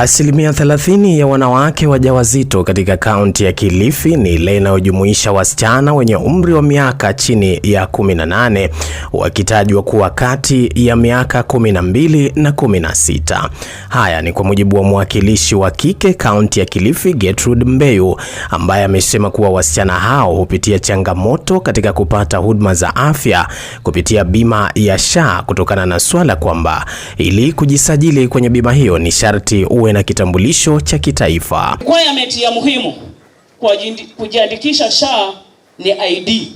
Asilimia 30 ya wanawake wajawazito katika kaunti ya Kilifi ni ile inayojumuisha wasichana wenye umri wa miaka chini ya 18 wakitajwa kuwa kati ya miaka 12 na 16. Haya ni kwa mujibu wa mwakilishi wa kike kaunti ya Kilifi Gertrude Mbeyu, ambaye amesema kuwa wasichana hao hupitia changamoto katika kupata huduma za afya kupitia bima ya SHA kutokana na swala kwamba ili kujisajili kwenye bima hiyo ni sharti uwe awe na kitambulisho cha kitaifa. Requirement ya muhimu kwa kujiandikisha SHA ni ID.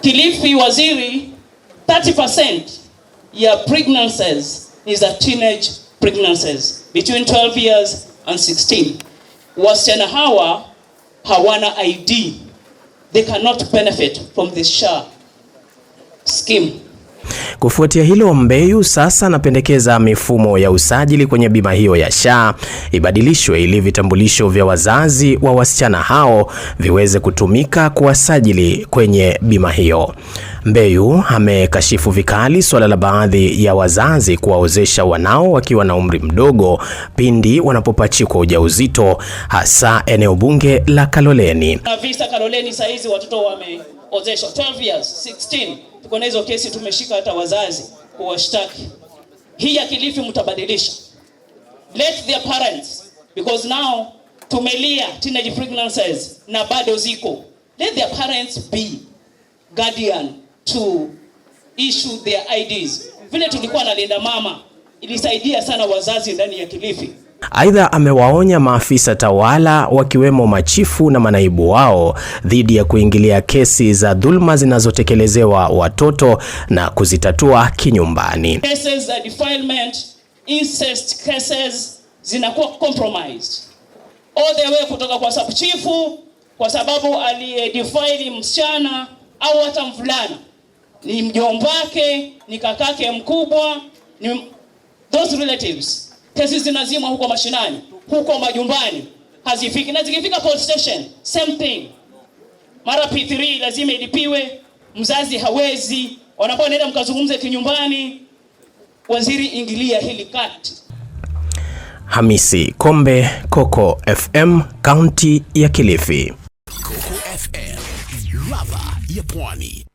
Kilifi Waziri, 30% ya pregnancies ni za teenage pregnancies between 12 years and 16. Wasichana hawa hawana ID. They cannot benefit from this SHA scheme. Kufuatia hilo, Mbeyu sasa anapendekeza mifumo ya usajili kwenye bima hiyo ya SHA ibadilishwe ili vitambulisho vya wazazi wa wasichana hao viweze kutumika kuwasajili kwenye bima hiyo. Mbeyu amekashifu vikali suala la baadhi ya wazazi kuwaozesha wanao wakiwa na umri mdogo pindi wanapopachikwa ujauzito, hasa eneo bunge la Kaloleni. Na visa Kaloleni saizi watoto wameozeshwa 12 years, 16 tuko na hizo kesi, tumeshika hata wazazi kuwashtaki. Hii ya Kilifi mtabadilisha, let their parents because now tumelia teenage pregnancies na bado ziko, let their parents be guardian to issue their IDs. Vile tulikuwa nalinda Mama ilisaidia sana wazazi ndani ya Kilifi. Aidha, amewaonya maafisa tawala wakiwemo machifu na manaibu wao dhidi ya kuingilia kesi za dhulma zinazotekelezewa watoto na kuzitatua kinyumbani. Cases za defilement, incest cases zinakuwa compromised all the way kutoka kwa subchifu, kwa sababu aliyedefile msichana au hata mvulana ni mjombake, ni kakake mkubwa, ni those relatives Kesi zinazimwa huko mashinani, huko majumbani, hazifiki na zikifika police station same thing, mara P3 lazima ilipiwe. Mzazi hawezi, wanakuwa naenda mkazungumze kinyumbani. Waziri, ingilia hili kati. Hamisi Kombe, Coco FM, kaunti ya Kilifi. Coco FM, ladha ya Pwani.